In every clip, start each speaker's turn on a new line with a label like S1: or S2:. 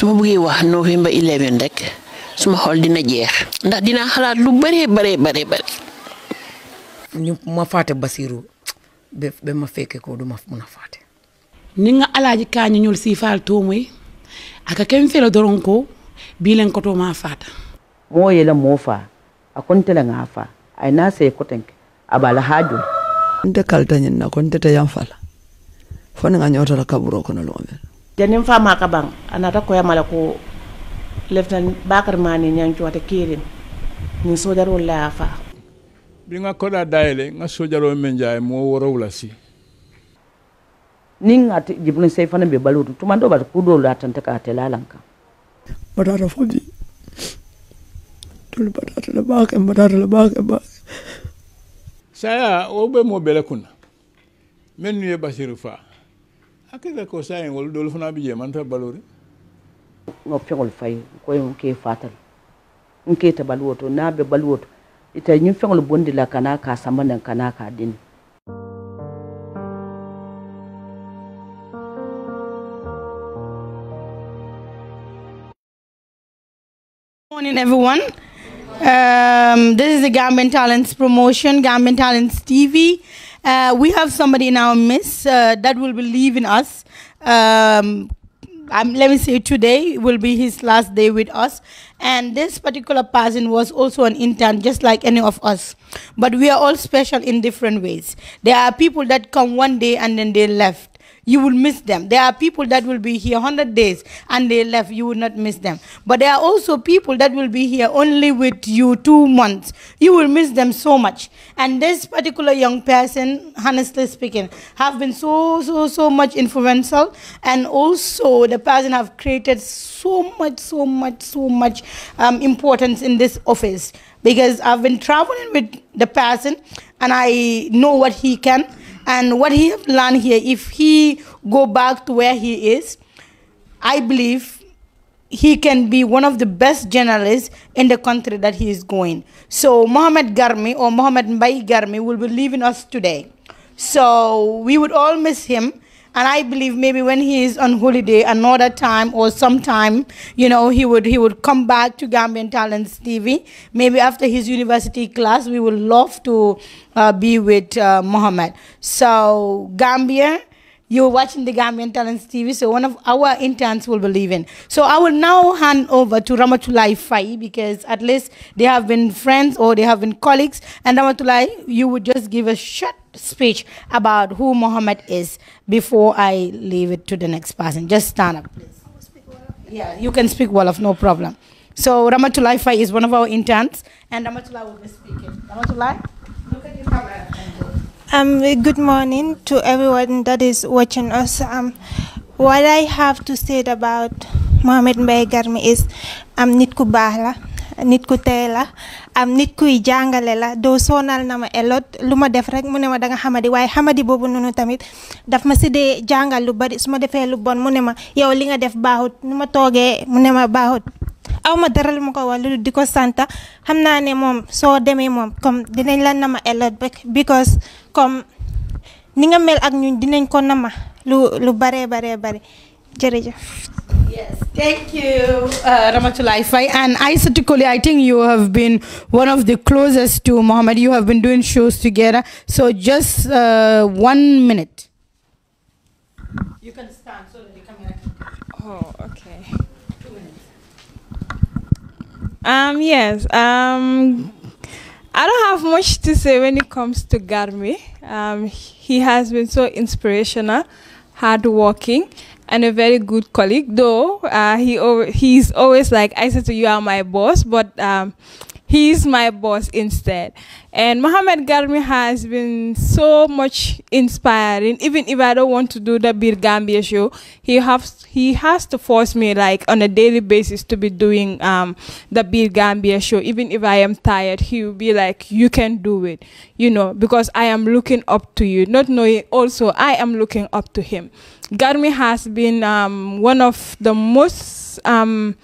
S1: su ma bëggee wax novembre 11 rek suma xol dina jeex ndax dinaa xalaat lu bëree bëree bëree bëri. ñu ma fàtte Basiru ba ba ma fekkee ko du ma faate a fàtte. ni nga alaaji kaañu ñul si faal tuumay aka ken fela doron ko bi len koto ma fata mo yela moo fa a kontela nga fa ay na sey koten abala haju nte kaltañin na te yam fala fona nga nyota la kaburo
S2: kono lomel
S1: fa ma ka bang anata koyamala ko lieutenant bakar mani ñancuwata kiirin nin sojarol laya faa
S2: bi nga da dayele nga sojarol men jaye mo worow la si
S1: nin ati jibrin sey fana be balu tuma do ba ku do la tan ta ka te lalanka badara da tul badara la baka badara la baka ba
S2: saya o be mo bele kuna men ye basiru fa hakkille ko fana balori no ke fatal
S1: n'a be ita bondi la kana ka kana ka
S3: Morning, everyone. Um, this is the Gambian Talents promotion, Gambian Talents TV. Uh, we have somebody in our midst uh, that will be leaving us. Um, um, let me say today will be his last day with us. And this particular person was also an intern, just like any of us. But we are all special in different ways. There are people that come one day and then they left you will miss them. There are people that will be here 100 days and they left, you will not miss them. But there are also people that will be here only with you two months. You will miss them so much. And this particular young person, honestly speaking, have been so, so, so much influential. And also the person have created so much, so much, so much um, importance in this office. Because I've been traveling with the person and I know what he can and what he have learned here, if he go back to where he is, I believe he can be one of the best journalists in the country that he is going. So Muhammad Garmi or Muhammad Mbai Garmi will be leaving us today. So we would all miss him and I believe maybe when he is on holiday another time or sometime, you know, he would he would come back to Gambian Talents TV. Maybe after his university class, we would love to uh, be with uh, Mohammed. So Gambia, you're watching the Gambian Talents TV, so one of our interns will be leaving. So I will now hand over to Ramatulai Fai because at least they have been friends or they have been colleagues. And Ramatulai, you would just give a shot speech about who Muhammad is before I leave it to the next person. Just stand up, please. Yeah, you can speak Wolof, no problem. So Ramatulai Fai is one of our interns, and Ramatulai will be speaking. Ramatulai, look at your camera.
S4: Um, good morning to everyone that is watching us. Um, what I have to say about Mohamed Mbaye Garmi is um, nit ku nit ku tey am nit kuy jangalé la do sonal na elot luma def rek mune ma da nga xamadi way xamadi bobu nunu tamit daf ma sidé jangal lu bari suma ma lu bon mune ma yow li nga def baxut numa togué mune ma baxut aw ma dara ko walu diko santa xamna né mom so ne mom comme dinañ la nama elot because comme ni nga mel ak ñun dinañ ko nama lu lu bare, bare bare jërëjëf
S3: Yes, thank you, uh, Ramatullah And Aisha Tukuli, I think you have been one of the closest to Muhammad. You have been doing shows together. So just uh, one minute. You can stand so that you can. Oh, okay. Two minutes.
S4: Um, yes. Um, I don't have much to say when it comes to Garmi. Um, he has been so inspirational, hardworking, and a very good colleague. Though uh, he he's always like I said to you are my boss, but um, he's my boss instead. And Mohamed Garmi has been so much inspiring. Even if I don't want to do the Bir Gambia show, he has he has to force me like on a daily basis to be doing um the Bir Gambia show. Even if I am tired, he will be like, "You can do it," you know, because I am looking up to you, not knowing also I am looking up to him. Garmi has been um, one of the most um,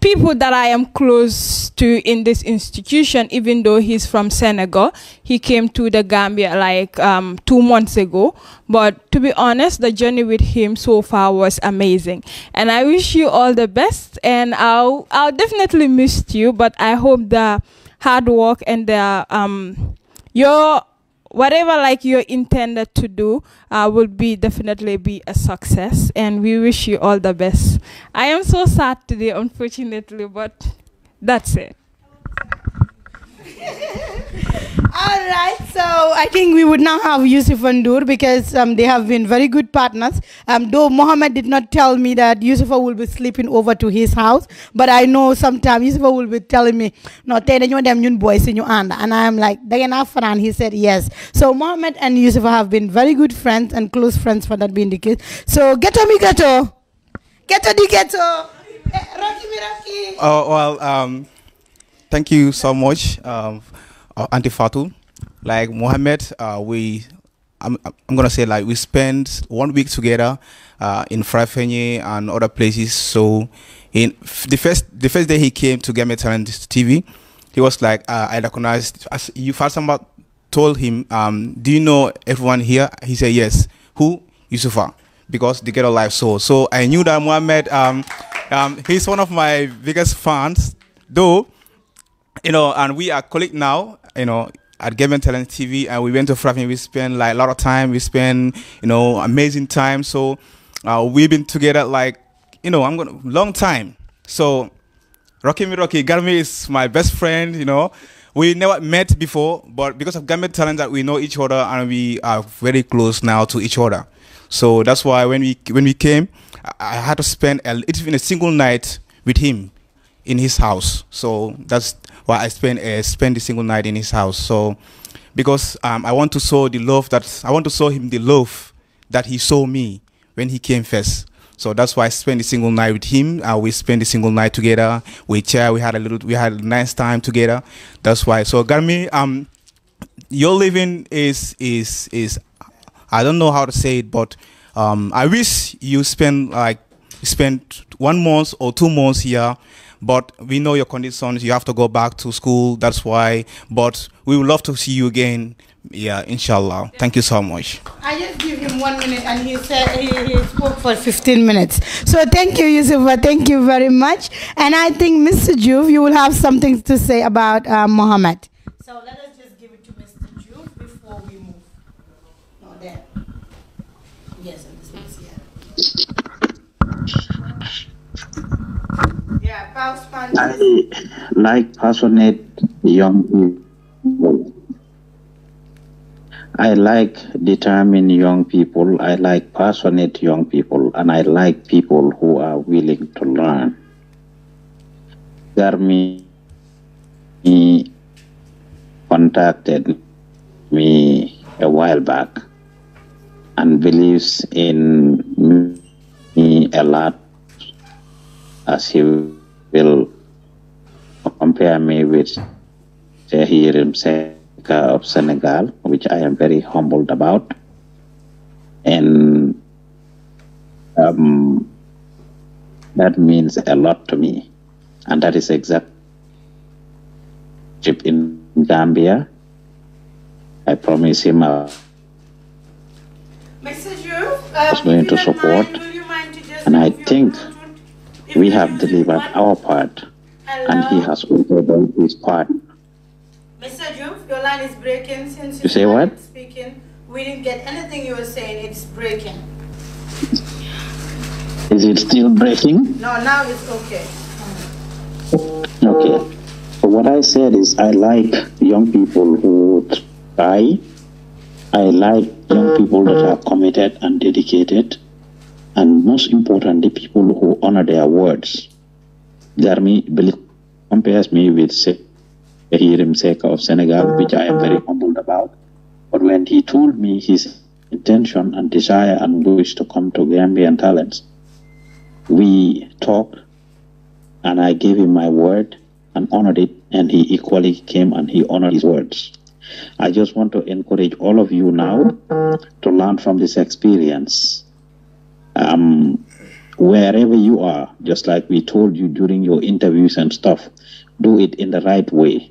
S4: people that I am close to in this institution, even though he's from Senegal. He came to the Gambia like um, two months ago. But to be honest, the journey with him so far was amazing. And I wish you all the best. And I'll, I'll definitely miss you, but I hope the hard work and the, um, your whatever like you're intended to do uh, will be definitely be a success and we wish you all the best i am so sad today unfortunately but
S3: that's it All right, so I think we would now have Yusuf and Dur because um, they have been very good partners. Um, though Mohammed did not tell me that Yusuf will be sleeping over to his house, but I know sometimes Yusuf will be telling me, no, tell you them young boys in your hand. And I'm like, they are not And he said, yes. So Mohammed and Yusuf have been very good friends and close friends for that being the case. So ghetto mi ghetto. Ghetto di ghetto. Eh,
S5: Rocky mi Rocky. Oh, well, um, thank you so much, um, uh, Auntie Fatou. Like Mohammed, uh, we I'm, I'm gonna say like we spent one week together uh, in Frafenye and other places. So in the first the first day he came to Gambia Talent TV, he was like uh, I recognized as you first about told him, um, do you know everyone here? He said yes. Who Yusufa? Because they get a live soul. So I knew that Mohammed. Um, um, he's one of my biggest fans, though. You know, and we are colleagues now. You know, at Given Talent TV, and we went to Fravin. We spent like a lot of time. We spent you know amazing time. So uh, we've been together like you know I'm gonna long time. So Rocky Me Rocky Garmi is my best friend. You know we never met before, but because of Gambia Talent that we know each other and we are very close now to each other. So that's why when we when we came, I, I had to spend a, even a single night with him in his house. So that's why I spend uh, spend a single night in his house. So because um, I want to show the love that I want to show him the love that he saw me when he came first. So that's why I spent a single night with him. Uh, we spent a single night together. We chair. We had a little. We had a nice time together. That's why. So Garmi, um, your living is is is. I don't know how to say it, but um, I wish you spend like spend one month or two months here but we know your conditions. You have to go back to school. That's why. But we would love to see you again. Yeah, inshallah. Thank you so much.
S3: I just give him one minute and he said he, he spoke for 15 minutes. So thank you, Yusufa. Thank you very much. And I think, Mr. Juve, you will have something to say about uh, Mohammed. So let us just give it to Mr. Juve before we move. No, oh, there. Yes, this
S6: is here. Yeah, I
S7: like passionate young people. I like determined young people. I like passionate young people, and I like people who are willing to learn. Garmi contacted me a while back and believes in me a lot as he will compare me with Hirim Seka of Senegal, which I am very humbled about. And um, that means a lot to me. And that is exactly trip in Gambia. I promise him uh, I um, was going to support. Mind, and I think we have delivered our part, and he has also done his part.
S3: Mr. Jumf, your line is breaking since you, say what? Speaking, we didn't get anything you were saying. It's breaking.
S7: Is it still breaking?
S3: No, now it's okay.
S7: Okay. What I said is I like young people who die. I like young people that are committed and dedicated and most importantly, people who honor their words. Jarmi compares me with Hirim Seka of Senegal, which I am very humbled about. But when he told me his intention and desire and wish to come to Gambian Talents, we talked and I gave him my word and honored it, and he equally came and he honored his words. I just want to encourage all of you now to learn from this experience um, wherever you are, just like we told you during your interviews and stuff, do it in the right way.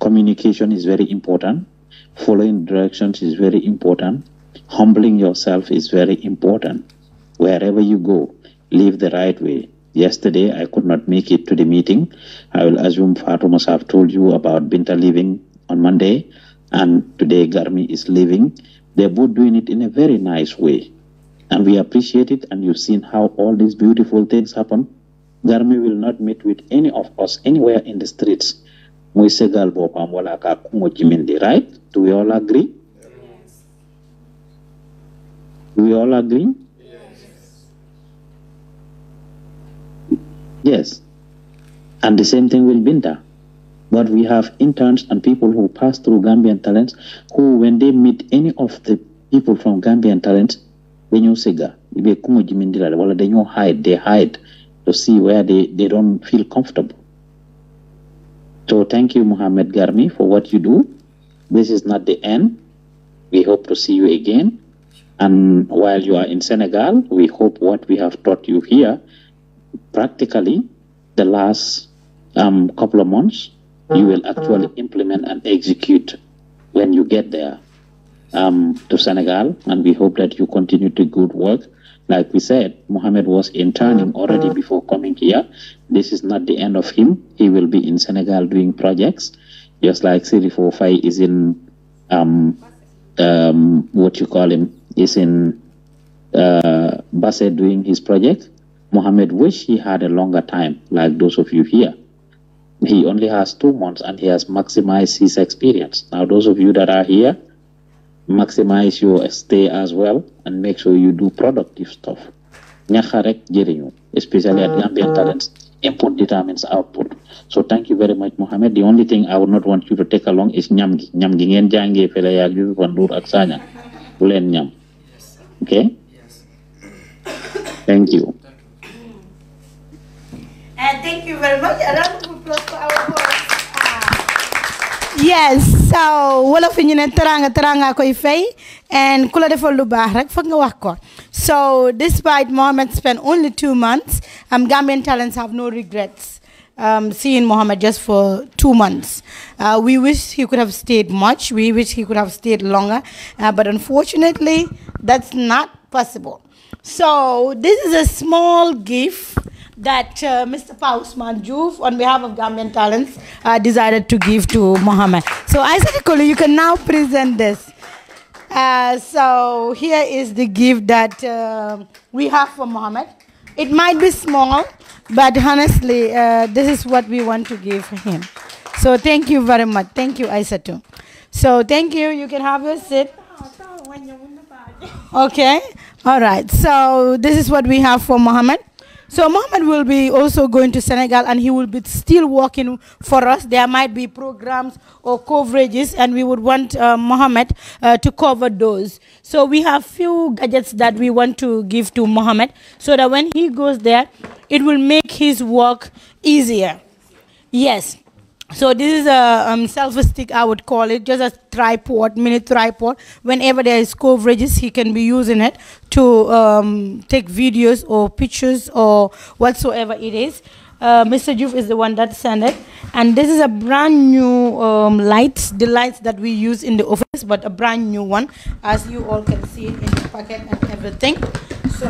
S7: Communication is very important. Following directions is very important. Humbling yourself is very important. Wherever you go, live the right way. Yesterday, I could not make it to the meeting. I will assume Fatou must have told you about Binta leaving on Monday, and today Garmi is leaving. They're both doing it in a very nice way. And we appreciate it, and you've seen how all these beautiful things happen. Garmi will not meet with any of us anywhere in the streets. Right? Do we all agree? Do we all agree? Yes. Yes. And the same thing with Binta. But we have interns and people who pass through Gambian talents who, when they meet any of the people from Gambian talents, dañoo sëgga ɓe kumo jimindiraɗe walla dañoo hide they hide to see where they, they don't feel comfortable so thank you mohammed garmi for what you do this is not the end we hope to see you again and while you are in senegal we hope what we have taught you here practically the last um, couple of months you will actually implement and execute when you get there um, to Senegal, and we hope that you continue the good work. Like we said, Mohamed was interning already before coming here. This is not the end of him. He will be in Senegal doing projects, just like 345 45 is in um, um, what you call him is in uh, Basse doing his project. Mohamed wish he had a longer time, like those of you here. He only has two months and he has maximized his experience. Now, those of you that are here, maximize your stay as well and make sure you do productive stuff ñaxa rek especially at ah, Gambian ah. talents input determines output so thank you very much Mohammed the only thing I would not want you to take along is ñam gi ñam gi ngeen jàngee fele yaag Yusuf Ndour ak Sanya okay thank you
S1: and thank you very much a round of applause for our boss
S3: yes so wolof ñu ne teranga teranga koy fay and Kula defal lu baax rek nga wax ko so despite Mohamed spent only two months um, Gambian talents have no regrets um, seeing Mohammed just for two months. Uh, we wish he could have stayed much. We wish he could have stayed longer. Uh, but unfortunately, that's not possible. So, this is a small gift that uh, Mr. Paus Manjouf, on behalf of Gambian Talents, uh, decided to give to Mohammed. So Isaac Kolo, you can now present this. Uh, so here is the gift that uh, we have for Mohammed. It might be small, but honestly, uh, this is what we want to give him. So thank you very much. Thank you, Aisatu. So thank you. You can have your seat. Okay. All right. So this is what we have for Mohammed. So Mohamed will be also going to Senegal and he will be still working for us. There might be programs or coverages and we would want uh, uh, to cover those. So we have few gadgets that we want to give to Mohamed so that when he goes there, it will make his work easier. Yes. So this is a um, selfie stick, I would call it, just a tripod, mini tripod. Whenever there is coverages, he can be using it to um, take videos or pictures or whatsoever it is. Uh, Mr. Juve is the one that sent it. And this is a brand new um, light, the lights that we use in the office, but a brand new one, as you all can see in the packet and everything. So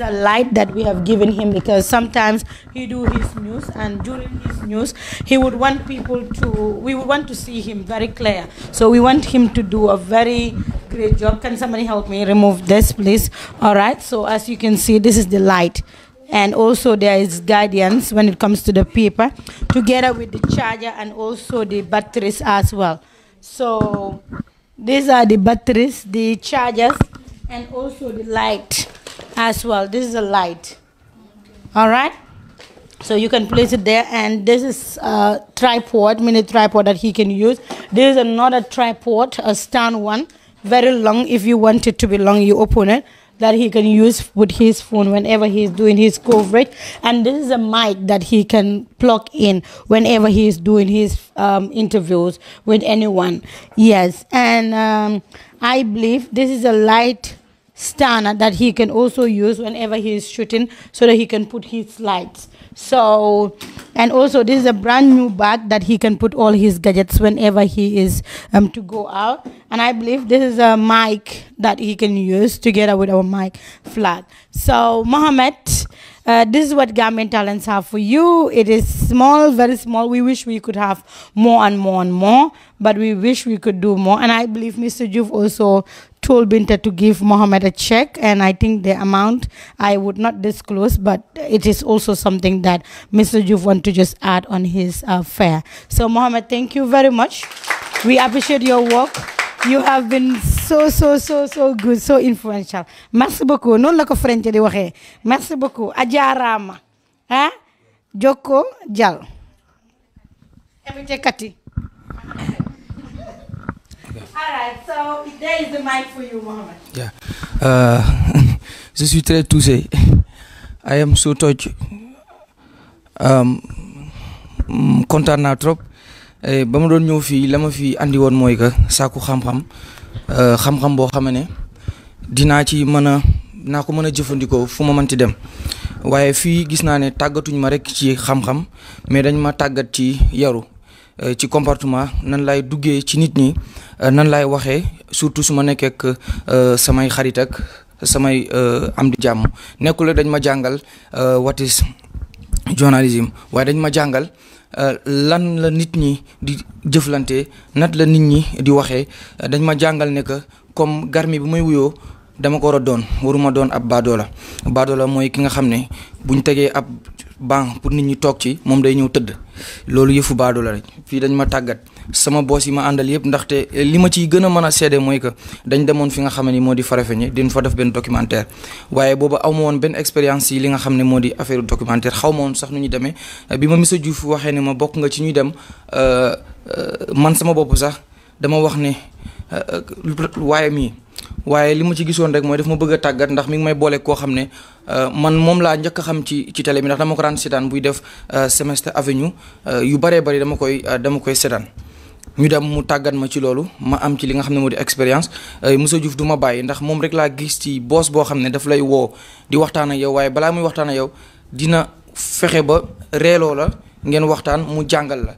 S3: a light that we have given him because sometimes he do his news and during his news he would want people to we would want to see him very clear so we want him to do a very great job can somebody help me remove this please all right so as you can see this is the light and also there is guidance when it comes to the paper together with the charger and also the batteries as well so these are the batteries the chargers and also the light as well this is a light all right so you can place it there and this is a tripod mini tripod that he can use this is another tripod a stand one very long if you want it to be long you open it that he can use with his phone whenever he's doing his coverage and this is a mic that he can plug in whenever he's doing his um, interviews with anyone yes and um, i believe this is a light stand that he can also use whenever he is shooting so that he can put his lights so and also this is a brand new bag that he can put all his gadgets whenever he is um to go out and i believe this is a mic that he can use together with our mic flag so mohammed uh, this is what garment talents have for you it is small very small we wish we could have more and more and more but we wish we could do more and i believe mr juve also told Binta to give Mohammed a check, and I think the amount I would not disclose, but it is also something that Mr. Juve want to just add on his uh, fare. So, Mohammed, thank you very much. We appreciate your work. You have been so, so, so, so good, so influential. Merci beaucoup. Non la ko French di waxe. Merci beaucoup. Ajarama. Hein? Joko Jal. Emite Kati. Alright, so there is the mic for uh,
S6: um, kontaan naa trop eh, ba ma doon ñëw fii la ma fi andi woon mooy que sàkku xam-xam uh, xam-xam boo xam ne dinaa ci mën a naa ko mën a jëfandikoo fu ma mënti dem waaye fii gis naa ne tàggatuñ ma rekk ci xam-xam mais dañ ma tàggat ci yaru. Euh, ci comportement nan laay duggee ci nit ñi euh, nan laay waxee surtout su ma nekkee ak euh, samay xarit ak samay am di jàmm nekkul dañ ma jàngal what is journalism waaye dañ ma jàngal lan la nit ñi di jëflante nat la nit ñi di waxee dañ ma jàngal ne que comme garmi bi may wuyoo dama ko war a doon waruma doon ab baadoola baadoola mooy ki nga xam ne buñ tegee ab ban pour nit ñi tok ci mom day ñëw tëdd loolu yëfu baadu la rek dañ ma tagat sama boss yi ma àndal yëpp ndaxte eh, li ma ciy gën a mën a seede dañ demone fi nga xamni modi di din fa def dokumenter. documentaire waye bobu ben won ben benn expérience yi li nga xamni modi di affaire documentaire xaw won sax nu ñu démé eh, bi ma misa juuf waxé ni ma bok nga ci ñuy dem euh, euh, man sama bopp sax dama wax ne waayam yi waaye li ma ci gisoon rek mooy daf ma bëgg a tàggat ndax mi ngi may boole koo xam ne euh, man moom laa njëkk a xam ci ci télé mi ndax dama ko daan seetaan buy def euh, Semester Avenue euh, yu bëree bëri dama koy dama koy seetaan ñu dem mu tàggat ma ci loolu ma am ci li nga xam ne moo di expérience Moussa Diouf du ma bàyyi ndax moom rek laa gis ci boos boo xam daf lay woo di waxtaan ak yow waaye balaa muy waxtaan ak yow dina fexe ba reeloo la ngeen waxtaan mu jàngal la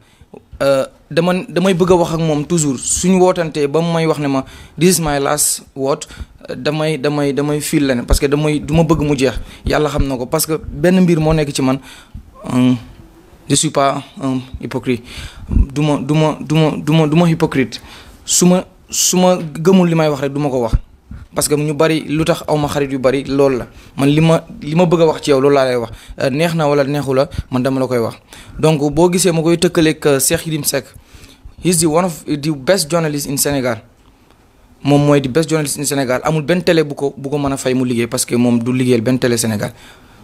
S6: Euh, dama damay bëgg a wax ak moom toujours suñu wootantee ba mu may wax ne ma this is my last word euh, damay damay damay fiil leneen parce que damay du ma bëgg mu jeex yàlla xam na ko parce que benn mbir moo nekk ci man euh, je suis pas hypocrite du ma du ma du ma du ma du ma hypocrite su ma su ma gëmul li may wax rek du ma ko wax parce que ñu bari lu tax aw ma xarit yu bari loolu la man li ma li ma bëgg wax ci yow loolu laa lay wax euh, neex na wala neexu la man dama la koy wax donc boo gisee ma koy tëkkaleeg euh, Cheikh Yérim Seck he's the one of the best journalist in Sénégal moom mooy di best journalist in Sénégal amul benn télé bu ko bu ko mën a fay mu liggéey parce que moom du liggéeyal benn télé Sénégal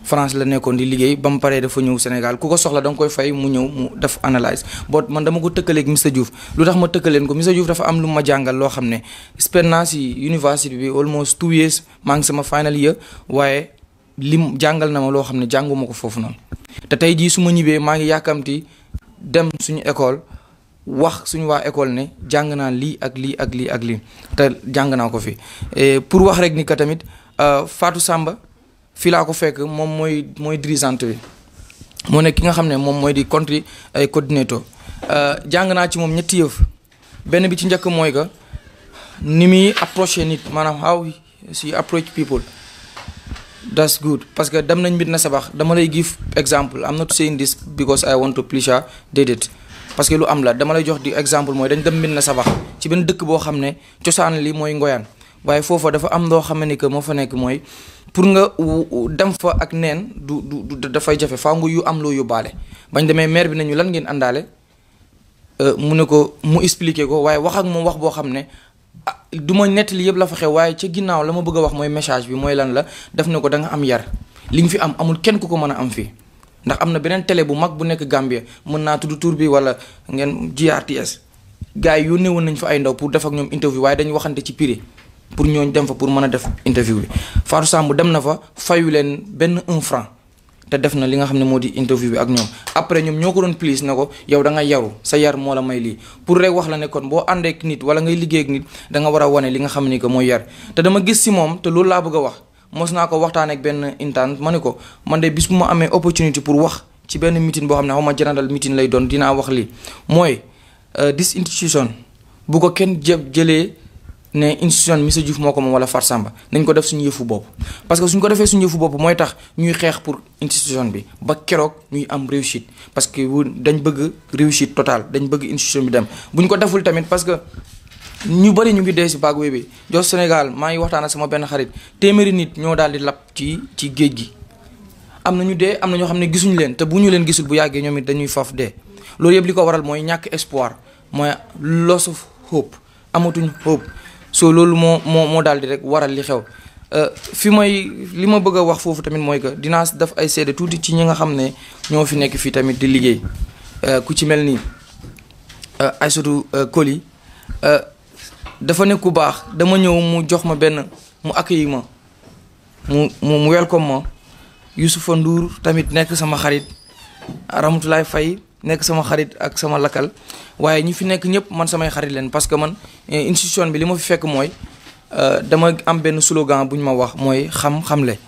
S6: France la nekkon di liggéey bam paré paree dafa ñew Sénégal ku ko soxla dang koy fay mu ñew mu def analyse but man dama ko ak Mr Diouf lu tax ma tëkkaleen ko Mr Diouf dafa am lu ma jangal lo xamné ne expérience university bi almost two years mang ngi sama final year waye lim jangal na ma lo xamné ne jànguma ko foofu noonu te tey jii ma ngi yakamti dem suñu école wax suñu wa école ne jang na li ak li ak li ak li té jang na ko fi eh, pour wax rek ni ka tamit euh, Fatou Samba fii laa ko fekk moom mooy mooy dirigeante bi moo nekk ki nga xam ne moom mooy di country ay coordinator euh, jàng naa ci moom ñetti yëf benn bi ci njëkk mooy que ni muy approché nit maanaam how si approach people that's good parce que dem nañ mbir na sabax dama lay give example I'm not saying this because I want to please her déedéet parce que lu am la dama lay jox di exemple mooy dañ dem mbir na sabax ci benn dëkk boo xam ne cosaan li mooy ngoyaan waaye foofa dafa am loo xam ne que moo fa nekk mooy pour nga dem fa ak neen du du dafay jafe faaw nga yu am loo yóbbaale bañ demee maire bi nañu lan ngeen àndaale euh, mu ne ko mu expliquer ko waaye wax ak moom wax boo xam ne ah, du ma nettali yëpp la fa xew waaye ca ginnaaw la ma bëgg a wax mooy message bi mooy lan la def na ko danga am yar li nga fi am amul kenn ku ko mën a am fii ndax am na beneen tele bu mag bu nekk Gambia mën naa tudd tur bi wala ngeen GRTS gars yi yónnee woon nañ fa ay ndaw pour def ak ñoom interview waaye dañu waxante ci prix pour ñooñ dem fa pour mëna def interview bi faru sambu dem na fa fayu len ben 1 franc te def na li nga modi di interview bi ak ñoom après ñoom ñoko ko doon plus na yow da nga yaru sa yar mo la may li pour rek wax la ne kon ande ak nit wala ngay liggéey ak nit da nga wara li nga xam ko moy yar te dama gis ci mom te loolu la bëgg wax mos nako ko waxtaan ak ben intaan ma man bis bu ma amé opportunité pour wax ci ben meeting bo xam xuma general meeting lay doon dina wax moy this euh, institution bu ko kenn jëlee ne institution Missa Diouf moo ko moom wala Far Samba nañ ko def suñu yëfu bopp parce que suñ ko defee suñu yëfu bopp mooy tax ñuy xeex pour institution bi ba keroog ñu am réussite parce que dañ bëgg réussite totale dañ bëgg institution bi dem bu buñ ko deful tamit parce que ñu bëri ñu ngi dee si baag bi jox Sénégal maa ngi waxtaan ak sama benn xarit téeméeri nit ñoo daal di lab ci ci géej gi am na ñu dee am na ñoo xam ne gisuñu leen te bu ñu leen gisul bu yàggee ñoom it dañuy faaf dee loolu yëpp li ko waral mooy ñàkk espoir mooy loss of hope amatuñ hope soo loolu moo moo moo daal di rek waral li xew euh, fi may li ma bëgg a wax foofu tamit mooy que dinaa def ay seede tuuti ci ñi nga xam ne ñoo fi nekk fii tamit di liggéey euh, ku ci mel nii euh, Aïssatou Koli dafa nekk ku baax dama ñëw mu jox ma benn mu accueillir ma mu mu welcome ma Youssoufa Ndour tamit nekk sama xarit Ramatoulaye fay nekk sama xarit ak sama lakkal waaye ñi fi nekk ñëpp man samay xarit leen parce que man eh, institution bi li ma fi fekk mooy euh, dama am benn slogan bu ñu ma wax mooy xam-xamle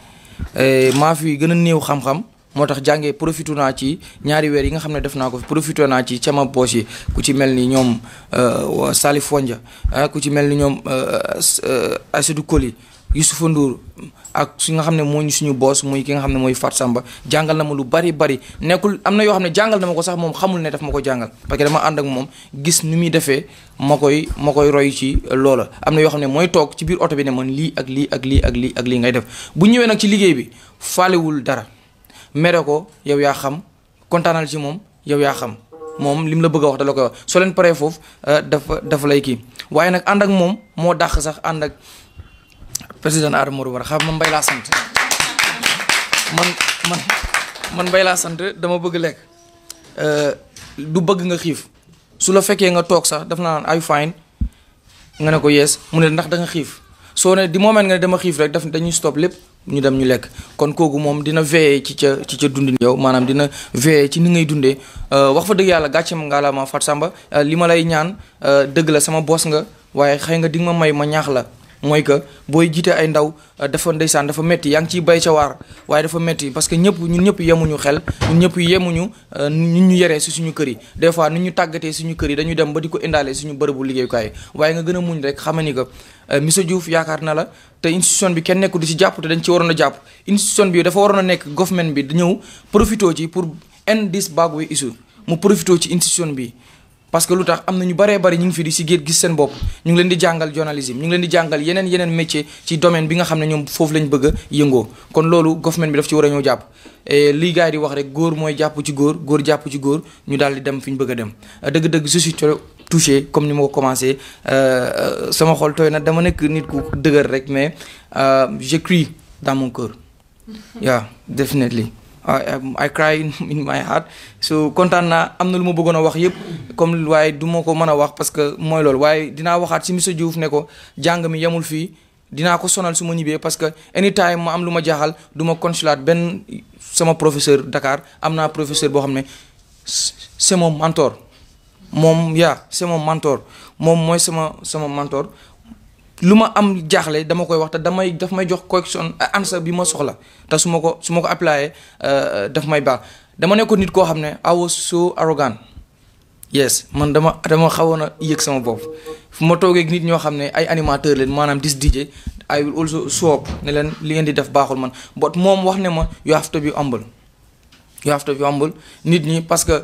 S6: eh, maa fi gën a néew xam-xam moo tax jàngee profité naa ci ñaari weer yi nga xam ne def naa ko fi profité naa ci sama poche yi ku ci mel ni ñoom euh, Salif Fonja ah, ku ci mel ni ñoom euh, Asadou Koli Youssoufa Ndour ak su nga xam ne moo ñu suñu boos muy ki nga xam ne mooy Fat Samba jàngal na ma lu bari bari nekkul am na yoo xam ne jàngal na ma ko sax moom xamul ne daf ma ko jàngal parce que dama ànd moom gis nu muy defee ma koy ma koy roy loola am na yoo xam ne mooy toog ci biir oto bi ne man lii ak lii ak lii ak lii ak lii ngay def bu ñëwee nag ci bi faalewul dara mere yow yaa xam kontaanal ci moom yow yaa xam moom li mu la bëgg a wax dala la koy wax soo leen paree foofu euh, dafa dafa lay kii waaye nag ànd ak moom moo dàq sax ànd ak président Adama War xam man bay la sant man man man bay la sant dama bëgg euh du bëgg nga xif su la fekke nga tok sax daf ay fine nga ne ko yes mu ne ndax da nga xif so ne di moment nga dama xif rek daf dañuy stop lepp ñu dem ñu lek kon kooku mom dina veye ci ci ci ca dundin yow manam dina veye ci ni ngay euh wax fa deug yalla nga la ma Fat Samba eh, li ma lay ñaan deug la sama bos nga waye xey nga di ma may ma ñaax la mooy que booy jiite ay ndaw euh, dafa ndeysaan dafa métti yaa ngi ciy bay ca waaye dafa métti parce que ñëpp ñun ñëpp yemuñu xel ñun ñëpp yemuñu euh, nu ñu yeree si suñu kër yi des fois nu ñu tàggatee suñu kër yi dañuy dem ba di ko indaale suñu bërëbu liggéeyukaay waaye nga gën a muñ rek xama ni que euh, monsieur Diouf yaakaar na la te institution bi kenn nekku di ci jàpp te dañ ci waroon a jàpp institution bi dafa waroon a nekk government bi ñëw profité ci pour end this bad way mu profité ci institution bi parce que lu tax am na ñu baree bari ñu ngi fi di si géej gis seen bopp ñu ngi leen di jàngal journalisme ñu ngi leen di jàngal yeneen yeneen métier ci domaine bi nga xam ne ñoom foofu lañ bëgg yëngoo kon loolu government bi daf ci war a ñëw jàpp lii gars yi di wax rek góor mooy jàpp ci góor góor jàpp ci góor ñu daal di dem fi ñu bëgg a dem dëgg-dëgg je suis touché comme ni ma ko commencé euh, sama xol tooy nag dama nekk nit ku dëgër rek mais euh, j'écris dans mon cœur mm-hmm. yeah definitely Um, I cry in my heart so kontaan naa am na lu ma bëggoon a wax yëpp comme waaye du ma ko mën a wax parce que mooy loolu waaye dinaa waxaat si monsieur Diouf ne ko jàng mi yemul fii dinaa ko sonal su ma ñibbee parce que anytime ma am lu ma jaaxal duma ma benn sama professeur dakaar am naa professeur boo xam ne c'est mon mentor moom yaa c'est mon mentor moom mooy sama sama mentor lu ma am jaaxle dama koy wax te damay daf may jox correction euh, answer bi ma soxla te su ma ko su ma ko applyé euh, daf may baax dama nekkoon nit koo xam ne I was so arrogant man dama dama xawoon a yëg sama bopp fu ma toogee nit ñoo xam ne ay animateur leen maanaam dis DJ I will ne leen li ngeen di def baaxul man but moom wax ne ma you have to be humble you have to be humble nit ñi parce que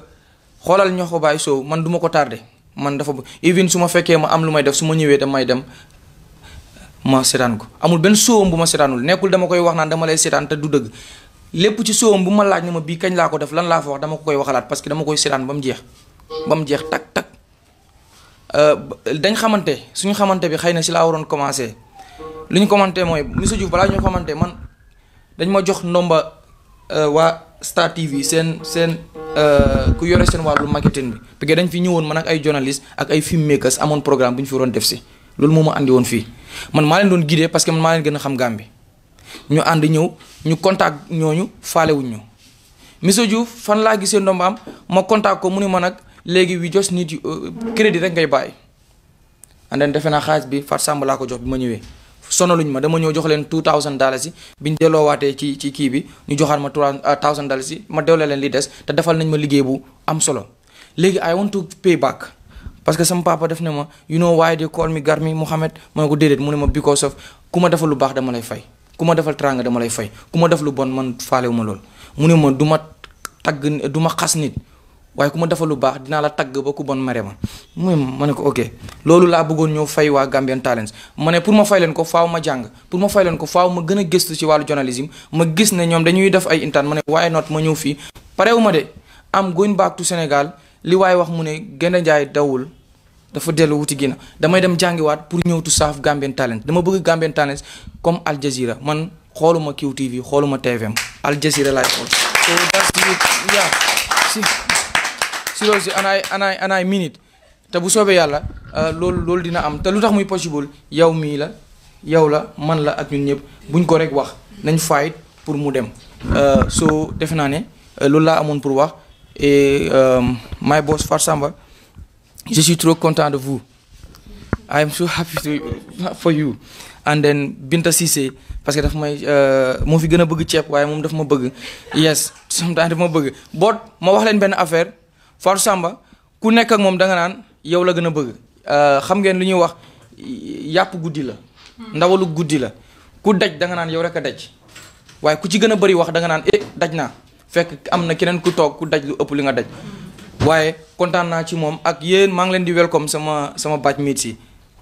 S6: xoolal ñoo ko bàyyi soow man du ma ko tardé man dafa even su ma fekkee ma am lu may def su ma ñëwee damay dem ma setan ko amul ben soom bu ma setanul nekul dama koy wax nan dama lay setan te du deug lepp ci soom bu ma laaj ni ma bi kagn la ko def lan la fa wax dama koy waxalat parce que dama koy setan bam jeex bam jeex tak tak euh dañ xamanté suñu xamanté bi xeyna ci la waron commencer luñ commenté moy monsieur Diouf bala ñu xamanté man dañ ma jox nomba euh wa Star TV sen sen euh ku yoré sen walu marketing bi parce que dañ fi ñëwoon man ak ay journalist ak ay filmmakers amone programme buñ fi def ci loolu moma andi won fi man ma len don guider parce que man ma len gëna xam gambi ñu and ñew ñu contact faalé wuñ ñu miso Diouf fan la gisé ndombam ma contact ko mu ne ma nag léegi wi jox nit crédit rek ngay bay and then defe xaj bi Fat sam la ko jox bima ñewé ñëwee sonaluñ ma dama ñew jox len two thousand dollars yi biñ ñu waté ci ci ki bi ñu joxaat ma trois uh, thousand dollars yi ma delloo len li dess te defal nañ ma liggéey bu am solo légui I want to pay back parce que sama papa def ne ma you know why they call me Garmi Muhammad? ma ko dedet mu ne ma because of kuma defal lu bax dama lay fay kuma defal tranga dama lay fay kuma def lu bon man faalewu ma lool mu ne ma duma tag duma khas nit waye kuma defal lu bax dina la tag ba ku bon mere ma muy ma ne ko okay lolou la fay wa Gambian Talents ma ne pour ma fay len ko faaw ma jang pour ma fay len ko faaw ma gëna a gëstu ci walu journalism ma gis ne ñom dañuy def ay intern ne why not ma ñëw fi parewu de am going back to Senegal. li way wax mu ne gëna jaay dawul dafa dellu wuti ginnaaw damay dem jàngiwaat pour ñëw tu saaf Gambian Talents dama bëgg Gambian Talents comme Al Jazeera man xooluma QTV xooluma TVM Al Jazeera laay xool so that's it yeah si seriously and I and I te bu soobee yàlla euh, loolu loolu dina am te lu tax muy possible yow mii la yow la man la ak ñun ñëpp buñ ko rek wax nañ fight pour mu dem euh, so defe naa ne euh, loolu laa amoon pour wax et my Far Samba Je suis trop content de vous. I am so happy to, for you. And then Binta Cissé, parce que daf may euh, mo fi gëna bëgg ciép waye mom daf ma bëgg. yes sometimes daf ma bëgg. But ma wax leen ben affaire Fatou Samba ku nekk ak mom da nga naan yow la gëna bëgg. Euh xam ngeen lu ñuy wax yap guddi la. ndawalu guddi la. ku daj da nga naan yow rek daj. Waye ku ci gëna a bëri wax da nga naan eh daj na. fekk amna keneen ku tok ku daj lu ëpp li nga daj waye content na ci mom ak yeen maa ngi di welcome sama sama batchmate ci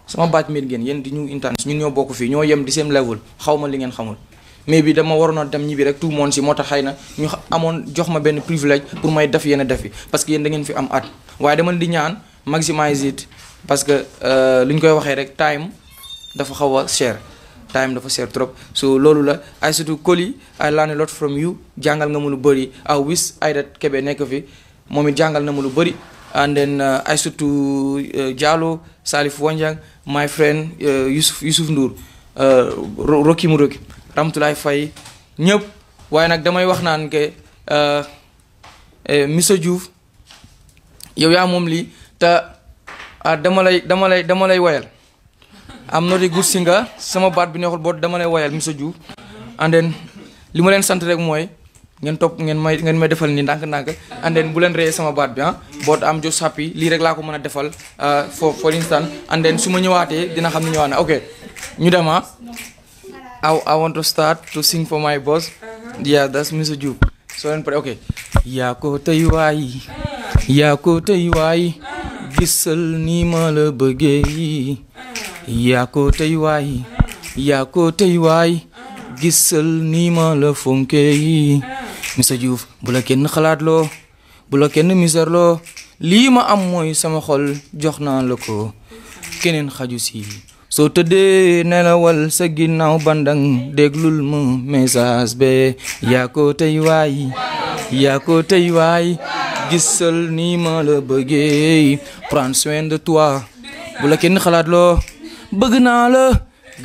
S6: sama batchmate Yen yeen di ñu intaan ñun ño bokku fi ño yem di same level xawma li ngeen xamul maybe dama warono dem ñibi rek tout monde si moo tax na ñu amone jox ma ben privilege pour may def yene def parce que yeen da ngeen fi am at waye dama di ñaan maximize it parce que euh luñ koy waxe rek time dafa xawa share, cher time dafa cher trop so loolu la I to Coly I learn a lot from you jangal nga mënu bëri I wish I that kebe nek fi moom it jàngal na ma lu bëri and then uh, Aïssatou uh, Diallo Salif Wanjang my friend uh, Youssouf Youssouf Ndour Roki mu Roki Ramtoulaye fay ñëpp waaye nag damay wax naan que monsieur juuf yow yaa moom lii te ah, dama lay dama lay dama lay woyal am na di good singer sama baat bi neexul boot dama lay woyal monsieur Diouf and then li ma leen sant rek mooy ngeen top ngeen may ngeen may defal ni ndank ndank and then bu len reey sama baat bi ah boot am just happy li rek la ko meuna defal ah, for for instance and then su ma dina xam ni ñewana na ñu dem ha ah. I, want to start to sing for my boss uh-huh. yeah that's Mr Diouf so len pare okay Ya ko tay way ya ko tay way gisal ni ma la bëggee ya ko tay way ya ko tay way gisal ni ma la Mr Diouf bu kenn xalaatloo bu la kenn misarloo lii ma am mooy sama xol jox naa la ko keneen xaju si soo tëddee nelawal sa ginnaaw bandang déglul ma message be yaa ko tey waay yaa ko tey waay gisal ni ma la bëggee prends soin de toi bu la kenn xalaatloo bëgg naa la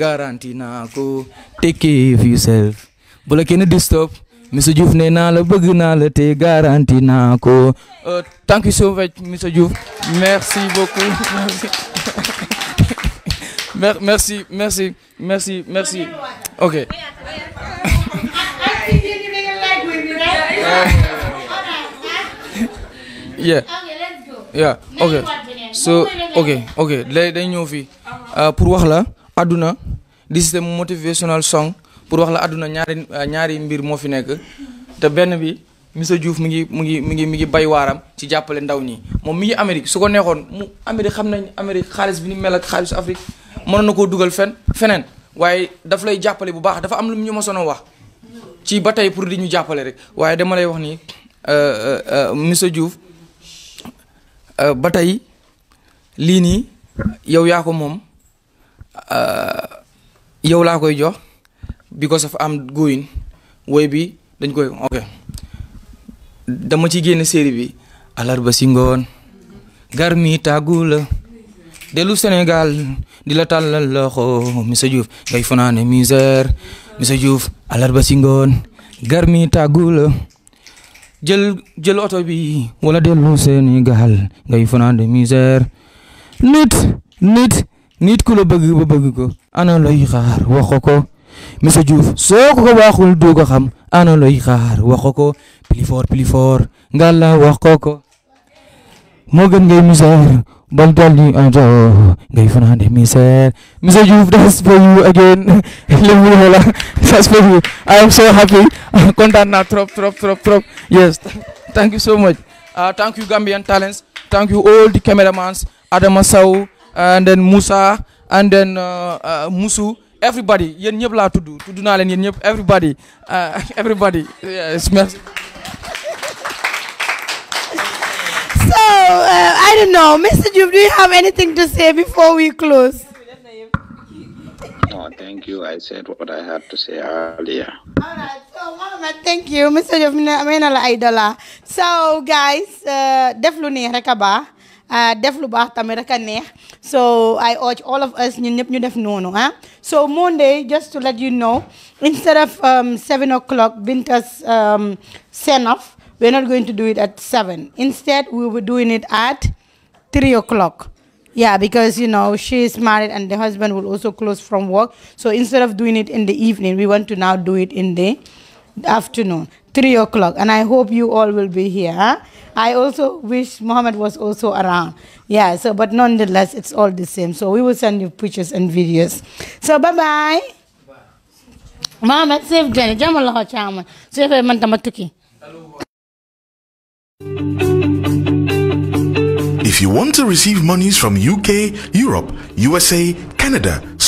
S6: garanti naa ko take care of yourself kenn disturb monsieur Diouf ne naa la bëgg naa la te garanti nako. ko euh, thank you so much monsieur Diouf merci beaucoup merci merci merci merci merci ok yeah yeah ok so ok ok léegi dañ ñëw fii euh, pour wax la Aduna, this is a motivational song pour wax la àdduna ñaari euh, ñaari mbir moo fi nekk te benn bi monsieur Diouf mi ngi mi ngi mi ngi mi ngi bay waaram ci jàppale ndaw ñi moom mi ngi Amérique su ko neexoon mu Amérique xam nañ Amérique xaalis bi ni mel ak xaalisu Afrique mën na koo dugal fen feneen waaye daf lay jàppale bu baax dafa am lu ñu ma sonoo wax ci ba tey pour di ñu jàppale rek waaye dama lay wax nii euh, euh, monsieur Diouf ba tey lii nii yow yaa ko moom yow laa koy jox. because of am going way bi dañ koy ok dama ci génn série bi alar ba ngoon garmi tagul de delu senegal di la talal loxo misa diouf ngay fonane miser misa diouf alarba ba garmi tagul jël jël auto bi wala delu senegal ngay fonane miser nit nit nit ku lo bëgg ba bëgg ko ana lay xaar waxoko monsieur Diouf soo ko ko waxul du xam ana looy xaar wax plus fort plus fort ngalla wax ko moo gën ngay misère bal dal ngay fanaande misère monsieur Diouf that's for again lemu wala that's happy kontaan trop trop trop yes thank you so much ah, thank you Gambian Talents thank you all the cameramans Adama Sow and then Moussa and then uh, uh, Musu everybody yéen ñëpp laa tudd tudd naa leen yéen ñëpp everybody uh, everybody yes merci.
S3: so uh, I don't know Mr. Diouf do you have anything to say before we close.
S7: No, thank you. I said what I had to say earlier. All right.
S3: So, thank you. Mr. Diouf, may na la ay So, guys, uh, def lu neex rek Ah, def lu baax tamit rek so I urge all of us ñun ñëpp ñu def ah so Monday just to let you know instead of um, seven o'clock Binta's um, send off we're not going to do it at seven instead we will be doing it at three o'clock yeah because you know she is married and the husband will also close from work so instead of doing it in the evening we want to now do it in the afternoon 3 o'clock and i hope you all will be here huh? i also wish Mohammed was also around yeah so but nonetheless it's all the same so we will send you pictures and videos so bye bye, Mohammed, save Jenny. Allah Chairman. Save man tamatuki.
S8: If you want to receive monies from UK, Europe, USA, Canada,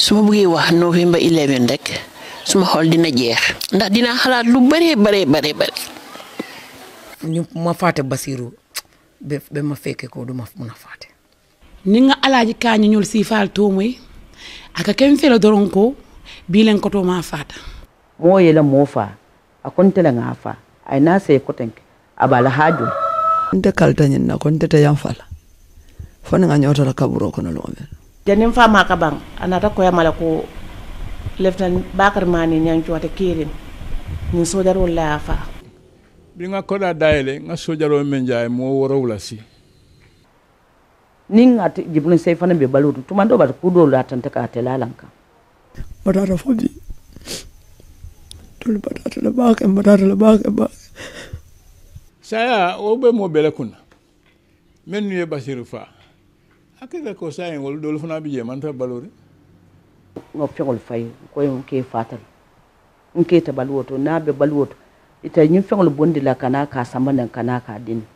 S1: su ma bëggee wax novembre 11 rek suma xol dina jeex ndax dinaa xalaat lu bëree bëree bëree bëri. ñu ma fàtte Basiru ba ba ma fekkee ko du ma mun a fàtte. ni nga alaaji kaañu ñul si faal tuumay aka ken fela doron ko bi len koto ma fata mo yela mo fa akonte la nga fa ay na sey kotenke abala haju nte kaltañin na konte te yam fala fo nga ñootala kaburoo kaburo kono lo men janin fa maka bang, anata koyamala ko leftan bakar mani ñancuwata kirin ñin
S2: sojarol la fa bi nga koda dayele nga sojaro men jaay mo woro wala si
S1: ning ati jibun sey fana be balutu tuma do bat kudo la tan ta ka te lalanka badara fobi tul da la baka da la baka ba
S2: saya o be mo bele kunna men ye basiru fa hakkille ko wol ɗol fana bi je ta balori
S1: no fay fayi koye ke fatal n ke ta balwoto n'a be baluwo ita ñiŋ fegol bondi la kana ka samba kana ka dini